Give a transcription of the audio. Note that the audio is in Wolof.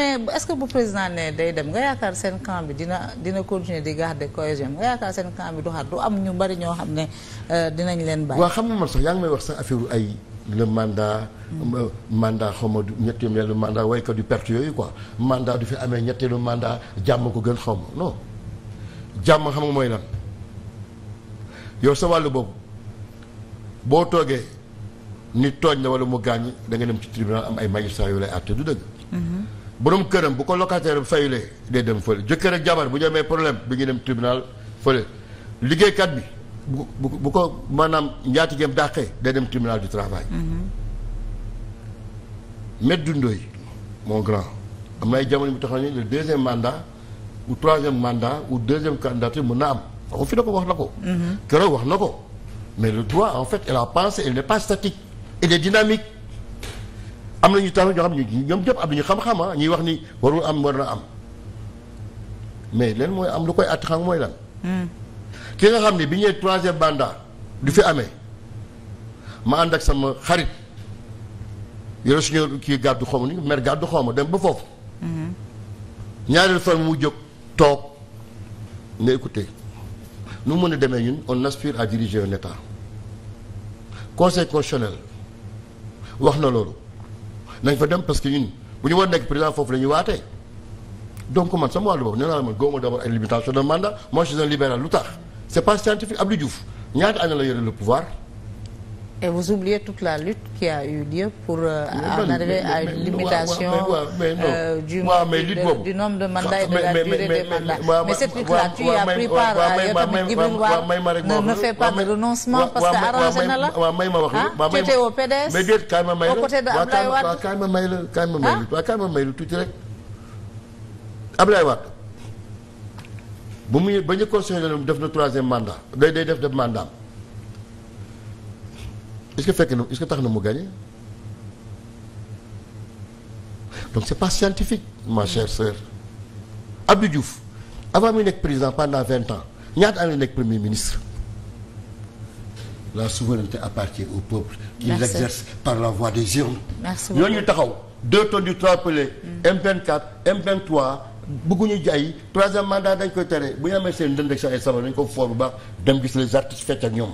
mais est-ce bu président ne day dem nga yaakaar seen camp dina dina continuer di garder cohésion nga yaakaar seen camp du xar du am ñu bari ñoo xam ne euh, dinañ leen bàyyi. waaw xam nga man sax yaa ngi may wax sax affaire ay le mandat. Hmm. Euh, mandat xaw ma du yàlla mandat waykat yu perte yooyu ko mandat du fi amee ñetteelu mandat jàmm ko gën xaw ma non jàmm xam nga mooy lan yow sa wàllu boobu boo toogee nit tooñ la wala mu gaañ da nga dem ci tribunal am ay magistrats yu lay àtte du dëgg. Hmm. borom këram bu ko locataire fayulee day dem fële jëkkër ak jabar bu ñu amee problème bi ngi dem tribunal fële liggéeykat bi bu bu ko maanaam njaatigeem dàqee day dem tribunal du travail. Mm-hmm. Maître Dundoy mon grand am na ay jamono bi taxaw ni le deuxième mandat ou troisième mandat ou deuxième candidature mën na am waxu fi na ko wax na ko. Mm-hmm. keroog wax na ko mais le droit en fait elle a pensé elle n'est pas statique elle dynamique. am na ñu tax ñoo xam ne ñu ñëpp am nañu xam-xam a ah, ñuy wax ni warul am war na am mais leen mooy am lu koy àtt xam mooy lan. Hmm. ki nga xam ne bi ñëwee troisième mandat du fi amee ma ànd ak sama xarit yore suñu kii gàddu xaw ma ni mer gàddu xaw ma dem ba foofu. Hmm. ñaareel fan mu jóg toog nga écouté nu mu mën a demee ñun on aspire à diriger un état conseil constitutionnel wax na loolu. nañ fa dem parce que ñun bu ñu war nekk président foofu la ñuy waatee donc man sama wàllu boobu nee naa la man góoma d'abord ay limitation de mandat moi je suis un libéral lu tax c'est pas scientifique Abdou Diouf ñaata année la yore le pouvoir Et vous oubliez toute la lutte qui a eu lieu pour euh, en mais, arriver mais, à une limitation euh, du nombre de mandats de la durée des mandats. Mais cette lutte-là, tu y as pris part euh, yow tamit Djibril War de renoncement parce que arrangé la ah tu étais au PDS au côté de Ablaye Wade waaw may ma may la waaw kaay ma may la tuuti rek Ablaye Wade bu muy ba ñu constitué def na troisième mandat day def def mandat est-ce que fekk na est-ce que tax na mu gagné donc c'est pas scientifique ma chère sœur Abdou Diouf avant muy nekk président pendant vingt ans ñaata am na nekk premier ministre la souveraineté appartient au peuple qui l'exerce par la voie des urnes ñooñu taxaw deux tonnes du trois pelé M24 M23 bëgguñu jaay troisième mandat dañ koy tere bu ñu amee seen dënd ak sa ay sabar dañ ko foor bu baax dem gis les artistes fecc ñoom